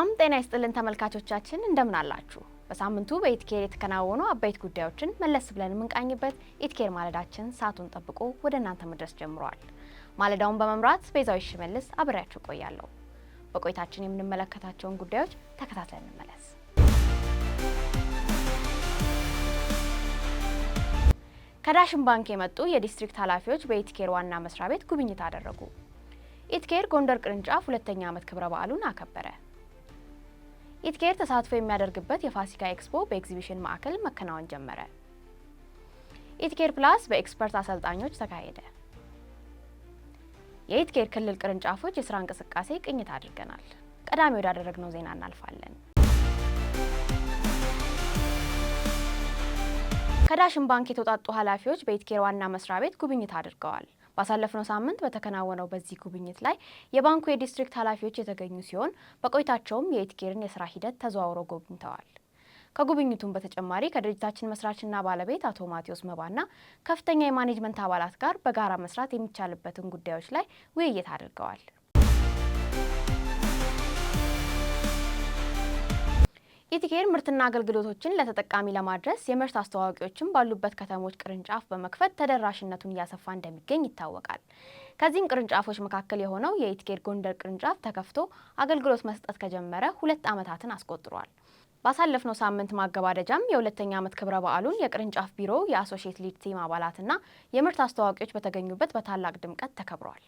ሰላም ጤና ይስጥልን ተመልካቾቻችን፣ እንደምን አላችሁ? በሳምንቱ በኢትኬር የተከናወኑ አበይት ጉዳዮችን መለስ ብለን የምንቃኝበት ኢትኬር ማለዳችን ሰዓቱን ጠብቆ ወደ እናንተ መድረስ ጀምሯል። ማለዳውን በመምራት ቤዛዊ ሽመልስ አብሬያችሁ ቆያለሁ። በቆይታችን የምንመለከታቸውን ጉዳዮች ተከታትለን እንመለስ። ከዳሽን ባንክ የመጡ የዲስትሪክት ኃላፊዎች በኢትኬር ዋና መስሪያ ቤት ጉብኝት አደረጉ። ኢትኬር ጎንደር ቅርንጫፍ ሁለተኛ ዓመት ክብረ በዓሉን አከበረ። ኢትኬር ተሳትፎ የሚያደርግበት የፋሲካ ኤክስፖ በኤግዚቢሽን ማዕከል መከናወን ጀመረ። ኢትኬር ፕላስ በኤክስፐርት አሰልጣኞች ተካሄደ። የኢትኬር ክልል ቅርንጫፎች የስራ እንቅስቃሴ ቅኝት አድርገናል። ቀዳሚ ወዳደረግነው ዜና እናልፋለን። ከዳሽን ባንክ የተውጣጡ ኃላፊዎች በኢትኬር ዋና መስሪያ ቤት ጉብኝት አድርገዋል። ባሳለፍነው ሳምንት በተከናወነው በዚህ ጉብኝት ላይ የባንኩ የዲስትሪክት ኃላፊዎች የተገኙ ሲሆን በቆይታቸውም የኢትኬርን የስራ ሂደት ተዘዋውረው ጎብኝተዋል። ከጉብኝቱም በተጨማሪ ከድርጅታችን መስራችና ባለቤት አቶ ማቴዎስ መባና ከፍተኛ የማኔጅመንት አባላት ጋር በጋራ መስራት የሚቻልበትን ጉዳዮች ላይ ውይይት አድርገዋል። ኢቲኬር ምርትና አገልግሎቶችን ለተጠቃሚ ለማድረስ የምርት አስተዋዋቂዎችን ባሉበት ከተሞች ቅርንጫፍ በመክፈት ተደራሽነቱን እያሰፋ እንደሚገኝ ይታወቃል። ከዚህም ቅርንጫፎች መካከል የሆነው የኢቲኬር ጎንደር ቅርንጫፍ ተከፍቶ አገልግሎት መስጠት ከጀመረ ሁለት ዓመታትን አስቆጥሯል። ባሳለፍነው ሳምንት ማገባደጃም የሁለተኛ ዓመት ክብረ በዓሉን የቅርንጫፍ ቢሮው የአሶሺየት ሊግ ቲም አባላትና የምርት አስተዋዋቂዎች በተገኙበት በታላቅ ድምቀት ተከብሯል።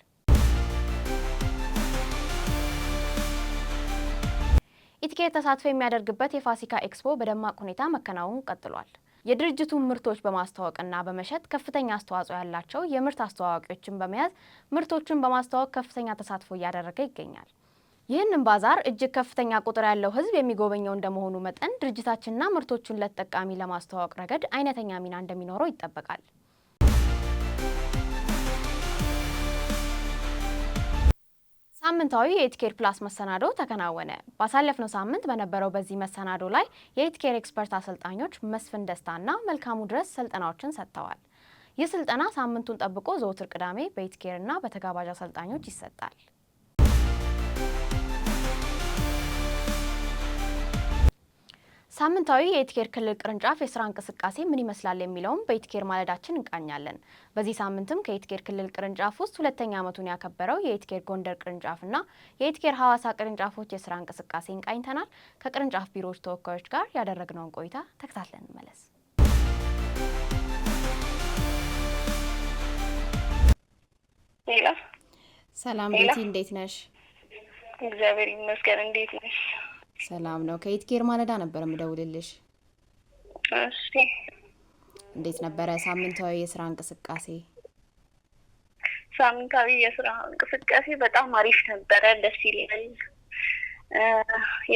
ኢትኬ ተሳትፎ የሚያደርግበት የፋሲካ ኤክስፖ በደማቅ ሁኔታ መከናወን ቀጥሏል። የድርጅቱን ምርቶች በማስተዋወቅና በመሸጥ ከፍተኛ አስተዋጽኦ ያላቸው የምርት አስተዋዋቂዎችን በመያዝ ምርቶቹን በማስተዋወቅ ከፍተኛ ተሳትፎ እያደረገ ይገኛል። ይህንን ባዛር እጅግ ከፍተኛ ቁጥር ያለው ሕዝብ የሚጎበኘው እንደመሆኑ መጠን ድርጅታችንና ምርቶቹን ለተጠቃሚ ለማስተዋወቅ ረገድ አይነተኛ ሚና እንደሚኖረው ይጠበቃል። ሳምንታዊ የኢትኬር ፕላስ መሰናዶ ተከናወነ። ባሳለፍነው ሳምንት በነበረው በዚህ መሰናዶ ላይ የኢትኬር ኤክስፐርት አሰልጣኞች መስፍን ደስታና መልካሙ ድረስ ስልጠናዎችን ሰጥተዋል። ይህ ስልጠና ሳምንቱን ጠብቆ ዘወትር ቅዳሜ በኢትኬርና በተጋባዥ አሰልጣኞች ይሰጣል። ሳምንታዊ የኢትኬር ክልል ቅርንጫፍ የስራ እንቅስቃሴ ምን ይመስላል የሚለውም በኢትኬር ማለዳችን እንቃኛለን። በዚህ ሳምንትም ከኢትኬር ክልል ቅርንጫፍ ውስጥ ሁለተኛ ዓመቱን ያከበረው የኢትኬር ጎንደር ቅርንጫፍና የኢትኬር ሐዋሳ ቅርንጫፎች የስራ እንቅስቃሴ እንቃኝተናል። ከቅርንጫፍ ቢሮዎች ተወካዮች ጋር ያደረግነውን ቆይታ ተከታትለን እንመለስ። ሰላም ቤቲ፣ እንዴት ነሽ? እግዚአብሔር ይመስገን። እንዴት ነሽ? ሰላም ነው። ከየት ኬር ማለዳ ነበር የምደውልልሽ። እንዴት ነበረ ሳምንታዊ የስራ እንቅስቃሴ? ሳምንታዊ የስራ እንቅስቃሴ በጣም አሪፍ ነበረ። ደስ ይላል።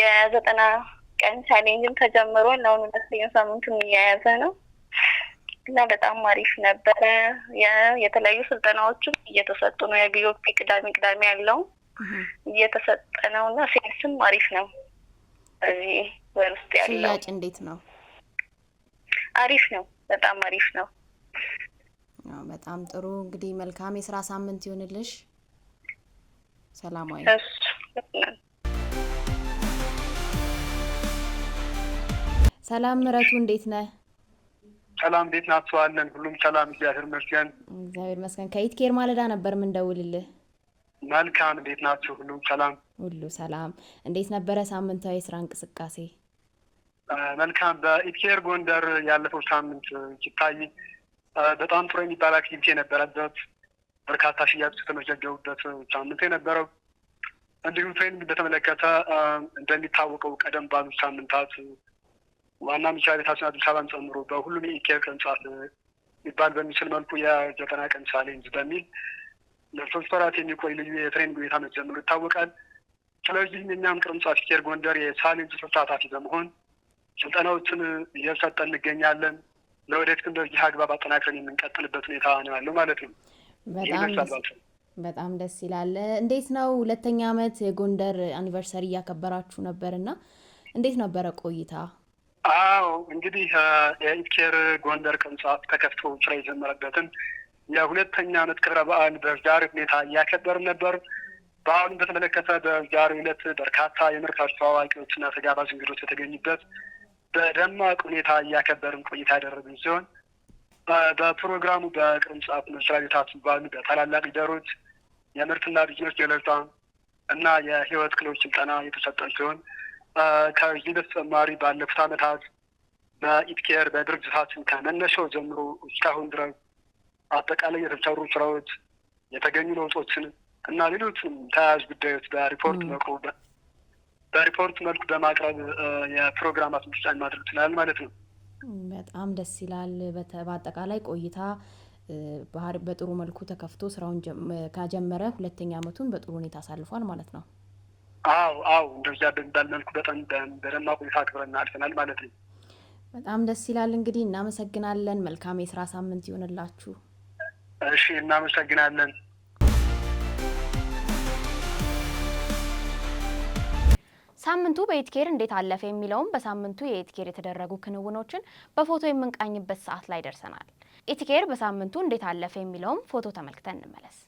የዘጠና ቀን ቻሌንጅም ተጀምሮ ለአሁኑ ሁለተኛ ሳምንቱን እያያዘ ነው እና በጣም አሪፍ ነበረ። የተለያዩ ስልጠናዎችም እየተሰጡ ነው። የቢዮፒ ቅዳሜ ቅዳሜ ያለው እየተሰጠ ነው እና ሴንስም አሪፍ ነው። እዚህ ወር ውስጥ ያለው ሽያጭ እንዴት ነው? አሪፍ ነው። በጣም አሪፍ ነው። በጣም ጥሩ እንግዲህ፣ መልካም የስራ ሳምንት ይሁንልሽ። ሰላማዊ ሰላም። ምረቱ እንዴት ነህ? ሰላም እንዴት ናቸዋለን? ሁሉም ሰላም፣ እግዚአብሔር ይመስገን። እግዚአብሔር ይመስገን። ከኢትኬር ማለዳ ነበር ምን ደውልልህ መልካም። እንዴት ናችሁ? ሁሉም ሰላም? ሁሉ ሰላም። እንዴት ነበረ ሳምንታዊ የስራ እንቅስቃሴ? መልካም። በኢትኬር ጎንደር ያለፈው ሳምንት ሲታይ በጣም ጥሩ የሚባል አክቲቪቲ የነበረበት በርካታ ሽያጭ የተመዘገቡበት ሳምንት የነበረው እንዲሁም ትሬኒንግ በተመለከተ እንደሚታወቀው ቀደም ባሉ ሳምንታት ዋና መስሪያ ቤታችን አዲስ አበባን ጨምሮ በሁሉም የኢኬር ቅርንጫፍ ሊባል በሚችል መልኩ የዘጠና ቀን ቻሌንጅ በሚል ለሶስት ወራት የሚቆይ ልዩ የትሬኒንግ ሁኔታ መጀመሩ ይታወቃል። ስለዚህም የእኛም ቅርንጫፍ ኬር ጎንደር የቻሌንጅ ተሳታፊ በመሆን ስልጠናዎችን እየሰጠን እንገኛለን። ለወደፊትም በዚህ አግባብ አጠናክረን የምንቀጥልበት ሁኔታ ነው ያለው ማለት ነው። በጣም ደስ ይላል። እንዴት ነው ሁለተኛ አመት የጎንደር አኒቨርሰሪ እያከበራችሁ ነበር እና እንዴት ነበረ ቆይታ? አዎ እንግዲህ የኢትኬር ጎንደር ቅርንጫፍ ተከፍቶ ስራ የጀመረበትን የሁለተኛ ዓመት ክብረ በዓል በዛሬ ሁኔታ እያከበር ነበር። በዓሉን በተመለከተ በዛሬ ዕለት በርካታ የምርት አርሶ አዋቂዎችና ተጋባዥ እንግዶች የተገኙበት በደማቅ ሁኔታ እያከበርን ቆይታ ያደረግን ሲሆን በፕሮግራሙ በቅርንጫፍ መስሪያ ቤታችን ባሉ በታላላቅ ደሮች የምርትና ብዝነስ ገለጻ እና የህይወት ክሎች ስልጠና የተሰጠን ሲሆን ከዚህ በተጨማሪ ባለፉት ዓመታት በኢትኬር በድርጅታችን ከመነሻው ጀምሮ እስካሁን ድረስ አጠቃላይ የተብቻሩ ስራዎች፣ የተገኙ ለውጦችን እና ሌሎችንም ተያያዥ ጉዳዮች በሪፖርት መቅረቡ በሪፖርት መልኩ በማቅረብ የፕሮግራማት ምርጫ ማድረግ ይችላል ማለት ነው። በጣም ደስ ይላል። በአጠቃላይ ቆይታ ባህር በጥሩ መልኩ ተከፍቶ ስራውን ካጀመረ ሁለተኛ አመቱን በጥሩ ሁኔታ አሳልፏል ማለት ነው። አው አው እንደዚያ በሚባል መልኩ በጣም በደማ ቆይታ አክብረን አልፈናል ማለት ነው። በጣም ደስ ይላል። እንግዲህ እናመሰግናለን። መልካም የስራ ሳምንት ይሆንላችሁ። እሺ፣ እናመሰግናለን። ሳምንቱ በኢትኬር እንዴት አለፈ የሚለውም በሳምንቱ የኢትኬር የተደረጉ ክንውኖችን በፎቶ የምንቃኝበት ሰዓት ላይ ደርሰናል። ኢትኬር በሳምንቱ እንዴት አለፈ የሚለውም ፎቶ ተመልክተን እንመለስ።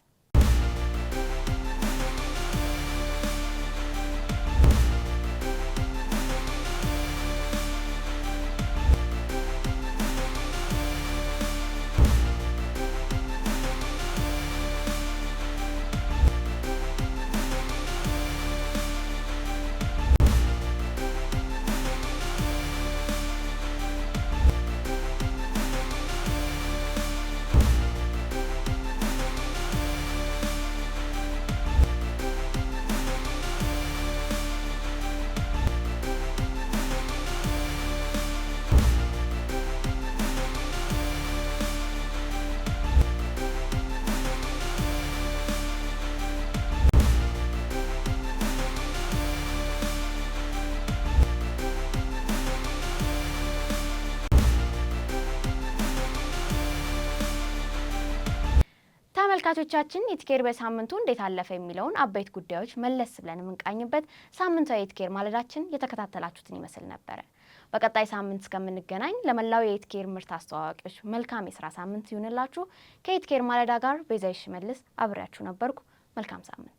ተመልካቾቻችን ኢትኬር በሳምንቱ እንዴት አለፈ የሚለውን አበይት ጉዳዮች መለስ ብለን የምንቃኝበት ሳምንታዊ የኢትኬር ማለዳችን የተከታተላችሁትን ይመስል ነበረ። በቀጣይ ሳምንት እስከምንገናኝ ለመላው የኢትኬር ምርት አስተዋዋቂዎች መልካም የስራ ሳምንት ይሁንላችሁ። ከኢትኬር ማለዳ ጋር ቤዛይሽ መልስ አብሬያችሁ ነበርኩ። መልካም ሳምንት